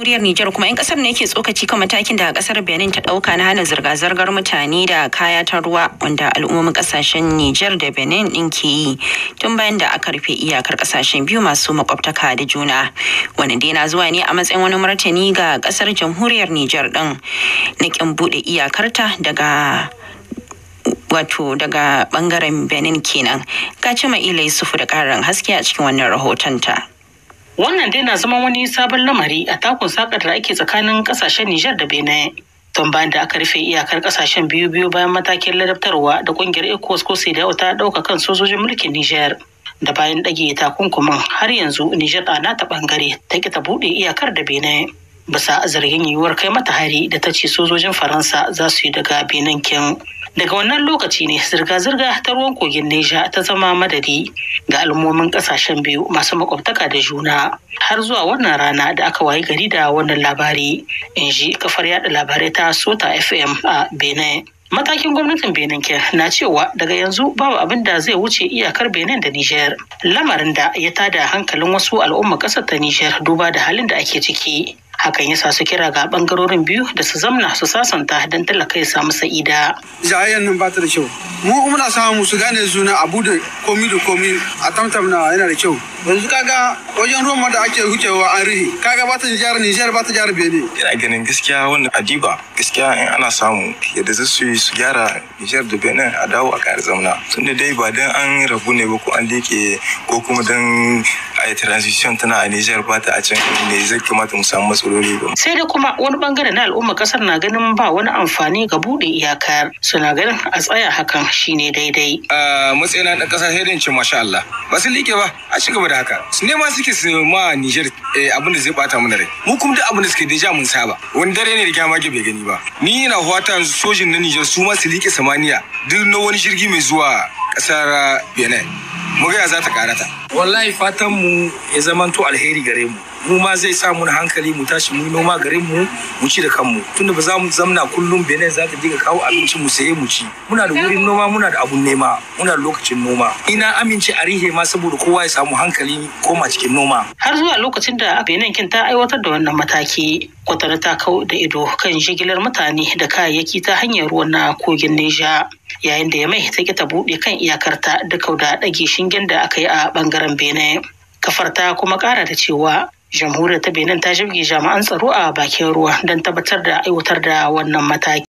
Jamhuriyar Nijar kuma 'yan kasar ne ke tsokaci kan matakin da kasar Benin ta dauka na hana zirga-zirgar mutane da kaya ta ruwa wanda al'ummomin kasashen Nijar da Benin din ke yi tun bayan da aka rufe iyakar kasashen biyu masu makwabtaka da juna. Wani dai na zuwa ne a matsayin wani martani ga kasar Jamhuriyar Nijar din na kin bude iyakarta daga wato daga bangaren Benin kenan. Gaci su sufu da karin haske a cikin wannan rahoton ta. Wannan dai na zama wani sabon lamari a takun sakar da ake tsakanin kasashen Nijar da Benin. don bayan da aka rufe iyakar kasashen biyu biyu bayan matakin ladabtarwa da kungiyar ECOWAS ko CEDAW ta ɗauka kan sojojin mulkin Nijar. Da bayan ɗage takunkumin har yanzu Nijar a nata ɓangare ta ki ta buɗe iyakar da Benin. Bisa zargin yiwuwar kai mata hari da ta ce sojojin Faransa za su yi daga Benin kin. daga wannan lokaci ne zirga-zirga ta ruwan kogin neja ta zama madadi ga al'ummomin kasashen biyu masu makwabtaka da juna har zuwa wannan rana da aka wayi gari da wannan labari in ji kafar yada labarai ta sota fm a benin matakin gwamnatin benin ke na cewa daga yanzu babu abin da zai wuce iyakar benin da niger lamarin da ya tada hankalin wasu al'ummar ƙasar ta niger duba da halin da ake ciki hakan yasa su kira ga bangarorin biyu da su zamna su sasanta don talaka ya samu sa'ida jayayyar nan ba ta da kyau mu muna samu su gane suna abu da komi da komi a na yana da kyau yanzu kaga wajen Roma da ake hucewa an rihi kaga ba ta jihar Nijar ba ta jihar Benin ina ganin gaskiya wannan adiba gaskiya in ana samu yadda za su yi su gyara Nijar da Benin a dawo a kayan zamna tunda dai ba dan an rabu ne ba ko an leke ko kuma dan ai transition tana a Nijar ba ta a can ne zai kamata mu samu matsaloli ba. Sai da kuma wani bangare na al'umma kasar na ganin ba wani amfani ga bude iyakar suna ganin a tsaya hakan shine daidai. A matsayin na kasa hedin ce masha Allah ba su liƙe ba a ci gaba da haka su nema suke su ma Nijar eh, abin da zai bata mana rai mu kuma duk abin da suke deja mun saba wani dare ne da ke bai gani ba ni na fata sojin na Nijar su ma su like samaniya duk na wani jirgi mai zuwa kasar Benin mu ga za ta karata. wallahi fatan mu ya zamanto alheri gare mu mu ma zai sa mun hankali mu tashi mu noma gare mu mu ci da kanmu tunda ba za mu zamna kullum Benin za ta dinga kawo abinci mu saye mu ci muna da wurin noma muna da abun nema muna da lokacin noma ina amince a rihe ma saboda kowa ya samu hankali koma cikin noma har zuwa lokacin da Benin kin ta aiwatar da wannan mataki kwatar ta kau da ido kan jigilar mutane da kayayyaki ta hanyar ruwan na kogin Neja yayin da ya mai ta ta buɗe kan iyakarta da kau da ɗage shingen da aka yi a bangaren ɓangaren benin kafar kuma ƙara da cewa jamhuriyar ta benin ta jibge jami'an tsaro a bakin ruwa don tabbatar da aiwatar da wannan mataki